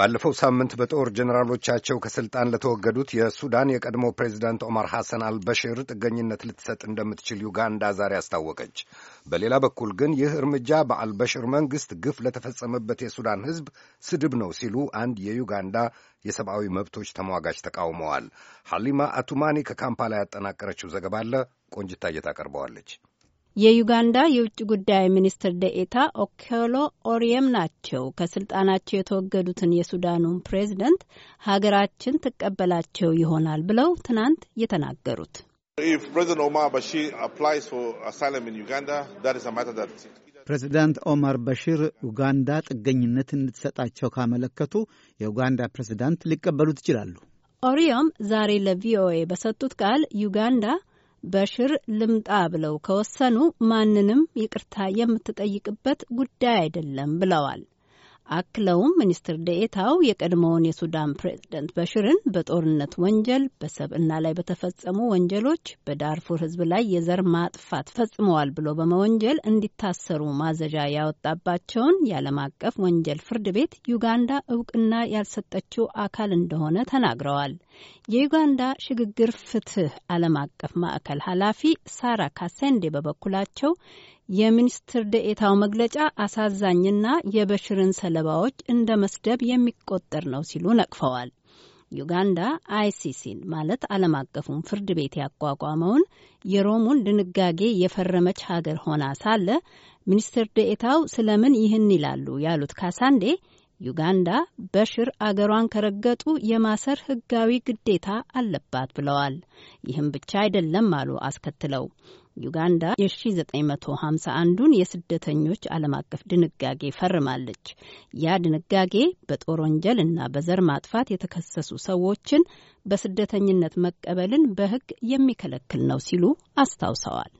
ባለፈው ሳምንት በጦር ጀኔራሎቻቸው ከስልጣን ለተወገዱት የሱዳን የቀድሞ ፕሬዚዳንት ኦማር ሐሰን አልበሽር ጥገኝነት ልትሰጥ እንደምትችል ዩጋንዳ ዛሬ አስታወቀች። በሌላ በኩል ግን ይህ እርምጃ በአልበሽር መንግሥት ግፍ ለተፈጸመበት የሱዳን ሕዝብ ስድብ ነው ሲሉ አንድ የዩጋንዳ የሰብአዊ መብቶች ተሟጋች ተቃውመዋል። ሐሊማ አቱማኒ ከካምፓላ ያጠናቀረችው ዘገባ አለ ቆንጅታ እየታቀርበዋለች። የዩጋንዳ የውጭ ጉዳይ ሚኒስትር ደኤታ ኦኬሎ ኦሪየም ናቸው ከስልጣናቸው የተወገዱትን የሱዳኑን ፕሬዝደንት ሀገራችን ትቀበላቸው ይሆናል ብለው ትናንት የተናገሩት ፕሬዚዳንት ኦማር በሺር ኡጋንዳ ጥገኝነት እንድትሰጣቸው ካመለከቱ የኡጋንዳ ፕሬዚዳንት ሊቀበሉት ይችላሉ። ኦሪየም ዛሬ ለቪኦኤ በሰጡት ቃል ዩጋንዳ በሽር ልምጣ ብለው ከወሰኑ ማንንም ይቅርታ የምትጠይቅበት ጉዳይ አይደለም ብለዋል። አክለውም ሚኒስትር ደኤታው የቀድሞውን የሱዳን ፕሬዝደንት በሽርን በጦርነት ወንጀል በሰብዕና ላይ በተፈጸሙ ወንጀሎች በዳርፉር ሕዝብ ላይ የዘር ማጥፋት ፈጽመዋል ብሎ በመወንጀል እንዲታሰሩ ማዘዣ ያወጣባቸውን የዓለም አቀፍ ወንጀል ፍርድ ቤት ዩጋንዳ እውቅና ያልሰጠችው አካል እንደሆነ ተናግረዋል። የዩጋንዳ ሽግግር ፍትህ ዓለም አቀፍ ማዕከል ኃላፊ ሳራ ካሴንዴ በበኩላቸው የሚኒስትር ደኤታው መግለጫ አሳዛኝና የበሽርን ሰለባዎች እንደ መስደብ የሚቆጠር ነው ሲሉ ነቅፈዋል። ዩጋንዳ አይሲሲን ማለት ዓለም አቀፉን ፍርድ ቤት ያቋቋመውን የሮሙን ድንጋጌ የፈረመች ሀገር ሆና ሳለ ሚኒስትር ደኤታው ስለምን ይህን ይላሉ ያሉት ካሳንዴ ዩጋንዳ በሽር አገሯን ከረገጡ የማሰር ሕጋዊ ግዴታ አለባት ብለዋል። ይህም ብቻ አይደለም አሉ አስከትለው ዩጋንዳ የ1951ዱን የስደተኞች ዓለም አቀፍ ድንጋጌ ፈርማለች። ያ ድንጋጌ በጦር ወንጀል እና በዘር ማጥፋት የተከሰሱ ሰዎችን በስደተኝነት መቀበልን በሕግ የሚከለክል ነው ሲሉ አስታውሰዋል።